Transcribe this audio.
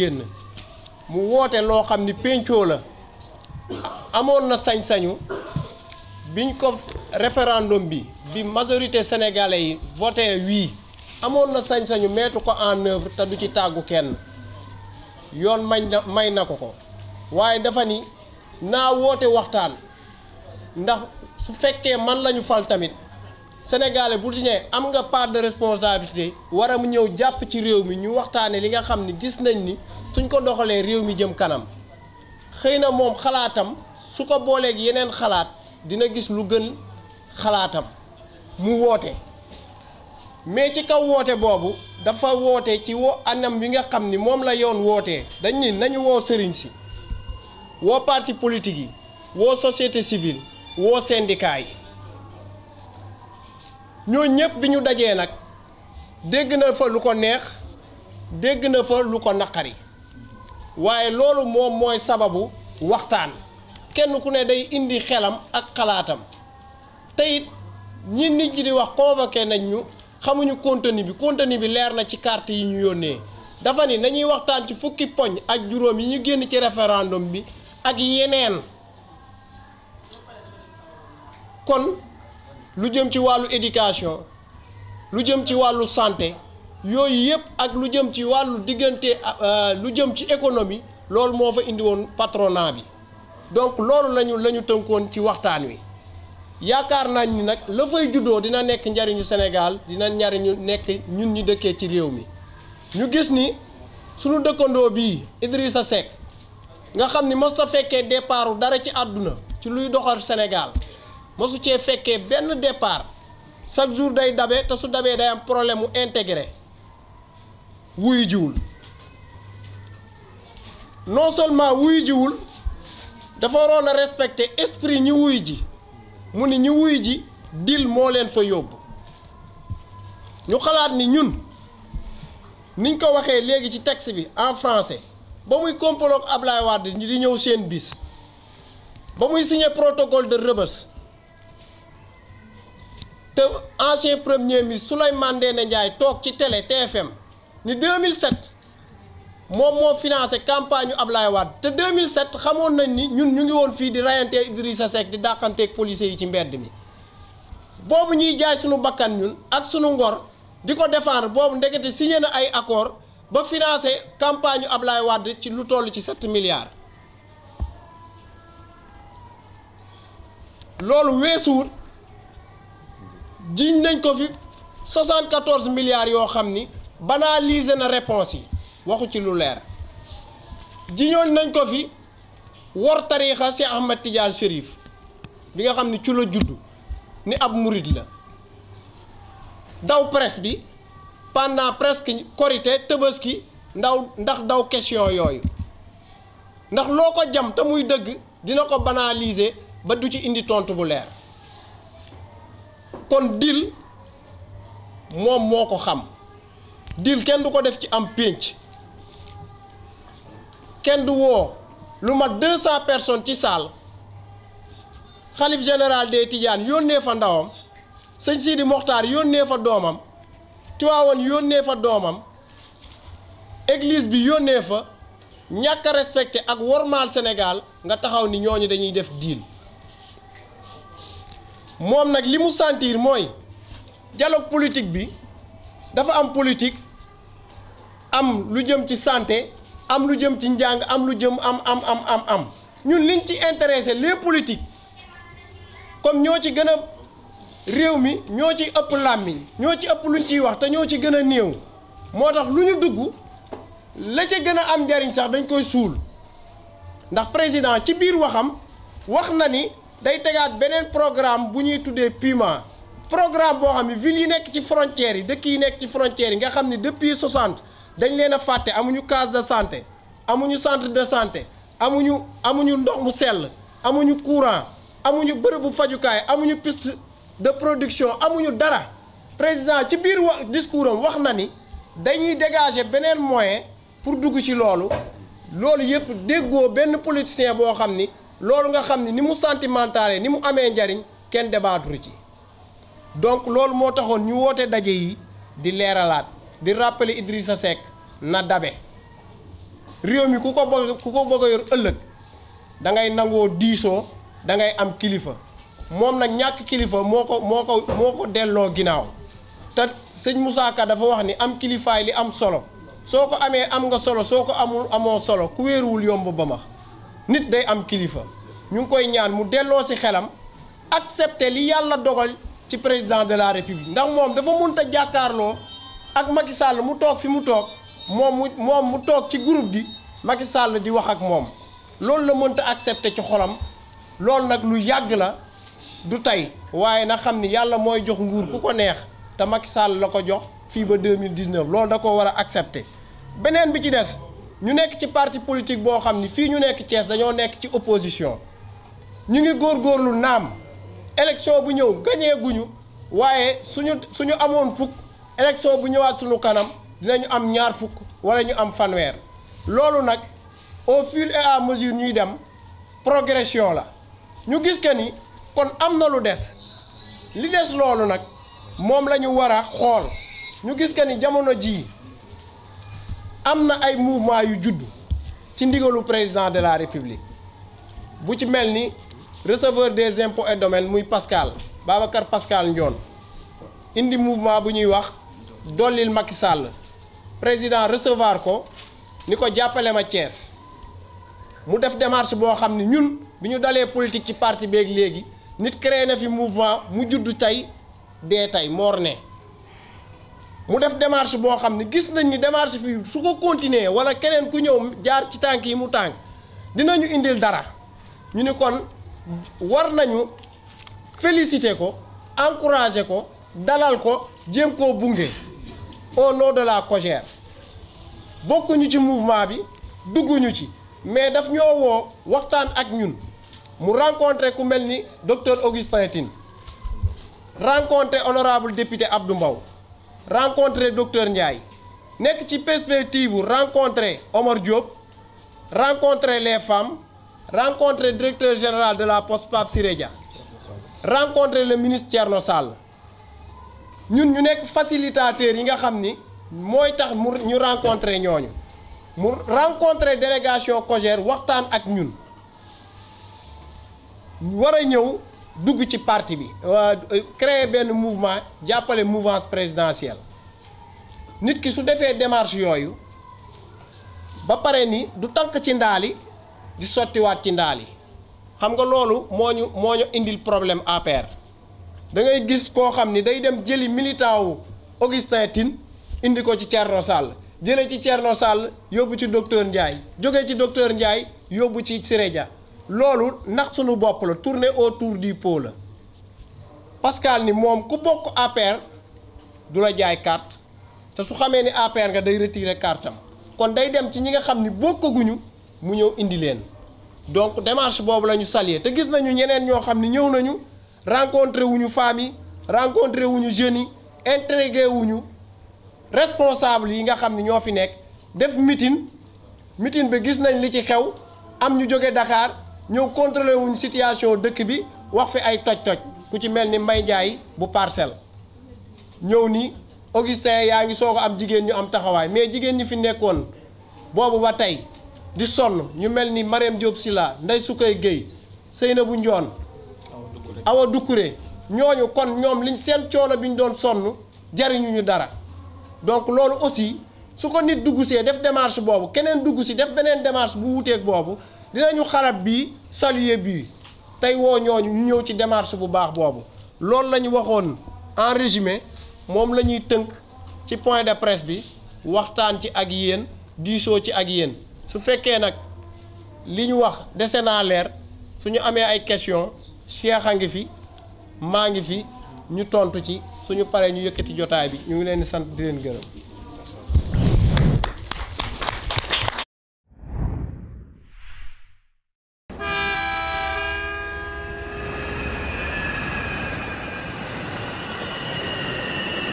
génn mu woote loo xam ni péncoo la amoon na sañ-sañu biñ ko référendum bi bi majorité sénégalais yi voté wii amoon na sañ-sañu mettre ko en œuvre te du ci tàggu kenn yoon may na ko ko waaye dafa ni naa woote waxtaan ndax su fekkee man lañu fal tamit sénégalais bu di am nga part de responsabilité war a mu ñëw jàpp ci réew mi ñu waxtaanee li nga xam ni gis nañ ni suñ ko doxalee réew mi jëm kanam xëy na moom xalaatam su ko booleeg yeneen xalaat dina gis lu gën xalaatam mu woote mais ci kaw woote boobu dafa woote ci wo anam bi nga xam ni moom la yoon wootee dañ ni nañu woo sëriñ si woo parti politique yi woo société civile woo syndicat yi ñoo ñëpp bi ñu dajee nag dégg na fa lu ko neex dégg na fa lu ko naqari waaye loolu moom mooy sababu waxtaan kenn ku ne day indi xelam ak xalaatam te it ñi nit ñi di wax convoqué nañ ñu xamuñu contenu bi contenu bi leer na ci carte yi ñu yónnee dafa ni nañuy waxtaan ci fukki poñ ak juróom yi ñu génn ci référendum bi ak yeneen kon lu jëm ci wàllu éducation lu jëm ci wàllu santé yooyu yëpp ak lu jëm ci wàllu diggante euh, lu jëm ci économie loolu moo fa indi woon patronat bi donc loolu lañu la tënkoon ci waxtaan wi yaakaar nañ ni nag la fay juddoo dina nekk njariñu Sénégal dina njariñu nekk ñun ñi dëkkee ci réew mi ñu gis ni sunu dëkkandoo bii Idrissa Seck nga xam ni mos ta fekkee départu dara ci àdduna ci luy doxal Sénégal mosu ce fekkee benn départ chaque jour day dabe te su dabee day am problème mu intégré wuyu jiwul non seulement wuyu jiwul dafa waroon a respecter esprit ñi wuyu ji mu ni ñi wuyu ji dil moo leen fa yóbbu ñu xalaat ni ñun niñ ko waxee léegi ci texte bi en français ba muy compaloog Ablaye Wade di ñëw seen bis ba muy signé protocole de Rebeuss te ancien premier sulay Souleymane na Ndiaye toog ci télé TFM ni 2007 moom moo financé campagne Ablaye Wade te 2007 xamoon nañ ni ñun ñu ngi woon fii di rayantee sa Seck di dàqanteeg policiers yi ci mbedd mi boobu ñuy jaay sunu bakkan ñun ak sunu ngor di ko défendre boobu ndekete signé na ay accord ba financé campagne Ablaye Wade ci lu toll ci 7 milliards loolu weesuwut jiiñ nañ ko fi 74 milliards yoo xam ni banaliser na réponse yi waxu ci lu leer jiñoon nañ ko fi wor tariixa si Ahmad Tidiane Chérif bi nga xam ni ci la juddu ni ab murid la daw presse bi pendant presque korité tëbaski ndaw ndax daw question yooyu ndax loo ko jam te muy dëgg dina ko banaliser ba du ci indi tontu bu leer kon dil moom moo ko xam dil kenn du ko def ci am pénc kenn du woo lu mat deux cent personnes ci saal xalif général des Tidiane yónnee fa ndawam sëñ Sidi Mokhtar yónnee fa doomam Tiwaawan yónnee fa doomam église bi yónnee fa ñàkk a ak wormaal Sénégal nga taxaw ni ñooñu dañuy def diil moom nag li mu sentir mooy dialogue politique bi dafa am politique am lu jëm ci santé am lu jëm ci njàng am lu jëm am am am am am ñun liñ ci intéressé les politiques comme ñoo ci gën a réew mi ñoo ci ëpp làmmiñ ñoo ci ëpp luñ ciy wax te ñoo ci gën a néew moo tax lu ñu dugg la ca gën a am njariñ sax dañ koy suul ndax président ci biir waxam wax na ni day tegaat beneen programme bu ñuy tuddee piment programme boo xam ne ville yi nekk ci frontières yi dëkk yi nekk ci frontières yi nga xam ne depuis 60 dañ leen a fàtte amuñu case de santé amuñu centre de santé amuñu amuñu ndox mu sell amuñu courant amuñu bërëbu fajukaay amuñu piste de production amuñu dara président ci biir wa discours am wax na ni dañuy dégager beneen moyen pour dugg ci loolu loolu yëpp déggoo benn politicien boo xam ni. loolu nga xam ne ni mu sentimentale ni mu amee njariñ kenn débatru ci donc loolu moo taxoon ñu woote daje yi di leeralaat di rappeler sa Seck na dabe réew mi ku ko bëgg ku ko bëgg a ëllëg da ngay nangoo diisoo da ngay am kilifa moom nag ñàkk kilifa moo ko moo ko moo ko delloo ginnaaw te sëñ Moussa dafa wax ni am kilifaay li am solo soo ko amee am nga solo soo ko amul amoo solo ku wéeruwul yomb ba max nit day am kilifa ñu ngi koy ñaan mu delloo si xelam accepter li yàlla dogal ci président de la république ndax moom dafa mënta jàkkaarloo ak Macky Sall mu toog fi mu toog moom mu moom mu toog ci groupe gi Macky Sall di wax ak moom loolu la mënta accepter ci xolam loolu nag lu yàgg la du tey waaye na xam ni yàlla mooy jox nguur ku ko neex te Macky Sall la ko jox fii ba 2019 loolu da ko war a accepter beneen bi ci des ñu nekk ci parti politique boo xam ni fii ñu nekk Thiès dañoo nekk ci opposition ñu ngi góor góorgóorlu naam élection bu ñëw gañee guñu waaye suñu suñu amoon fukk élection bu ñëwaat suñu kanam dinañu am ñaar fukk wala ñu am fanweer loolu nag au fur et à mesure ñuy dem progression la ñu gis que ni kon am na lu des li des loolu nag moom la ñu war a xool ñu gis que ni jamono jii. am na ay mouvement yu judd ci ndigalu président de la république bu ci mel ni receveur des impôts et domaines muy Pascal Babacar Pascal Ndione indi mouvement bu ñuy wax dollil Macky Sall président recevoir ko ni ko jàppale ma Thiès mu def démarche boo xam ne ñun bi ñu dalee politique ci parti beeg léegi nit créé na fi mouvement mu juddu tey dee tey moor ne mu def démarche boo xam ne gis nañ ni démarche fii su ko continuer wala keneen ku ñëw jaar ci tànk yi mu tànk dinañu indil dara ñu ni kon war nañu féliciter ko encourager ko dalal ko jéem ko bunge au nom de la COJER bokkuñu ci mouvement bi dugguñu ci mais daf ñoo woo waxtaan ak ñun mu rencontré ku mel ni docteur Augustin Tine rencontré honorable député abdu Mbow rencontrer docteur Ndiaye nekk ci perspective rencontrer omor Diop rencontrer les femmes rencontrer directeur général de la poste Pape Siré Dia rencontrer le ministre Thierno Sall ñun ñu nekk facilitateur yi nga xam ni mooy tax mu ñu rencontrer ñooñu mu rencontrer délégation COJER waxtaan ak ñun war a ñëw dugg ci parti bi créer benn mouvement jàppale mouvance présidentielle nit ki su defee démarche yooyu ba pare ni du tànk ci ndaali di sottiwaat ci ndaali xam nga loolu moo ñu moo ñu indil problème APR da ngay gis koo xam ni day dem jëli militant wu Augustin Tine indi ko ci Thierno Sall jëlee ci Thierno Sall yóbbu ci docteur Ndiaye jóge ci docteur Ndiaye yóbbu ci Siré Dia loolu nax suñu bopp la au tour du pot la Pascal ni moom ku bokk APR du la jaay carte te su xamee ni APR nga day retirer carte am kon day dem ci ñi nga xam ni bokkaguñu mu ñëw indi leen donc démarche boobu la ñu saluer te gis nañu ñeneen ñoo xam ni ñëw nañu rencontré wuñu femmes yi rencontré wuñu jeunes yi intégré wuñu responsable yi nga xam ni ñoo fi nekk def meeting meeting bi gis nañ li ci xew am ñu jóge dakaar ñëw contrôlé wuñ situation dëkk bi wax fi ay toj-toj ku ci mel ni Mbaye Ndiaye bu parcelle ñëw ni Augustin yaa ngi soog a am jigéen ñu am taxawaay mais jigéen ñi fi nekkoon boobu ba tey di sonn ñu mel ni Mariam Diop Silla Ndeye Soukay Guèye Seynabou Ndione Awa Doucouré ñooñu kon ñoom liñ seen coono bi ñu doon sonn jariñu ñu dara donc loolu aussi su ko nit dugg see def démarche boobu keneen dugg si def beneen démarche bu wuuteeg boobu dinañu xalaat bi saluer bi tey woo ñooñu ñu ñëw ci démarche bu baax boobu loolu lañu ñu waxoon en résumé moom la ñuy tënk ci point de presse bi waxtaan ci ak yéen diisoo ci ak yéen su fekkee nag li ñu wax dese naa leer su ñu amee ay question Cheikh a ngi fi maa ngi fi ñu tontu ci suñu paree ñu yëkkati jotaay bi ñu ngi leen di sant di leen gërëm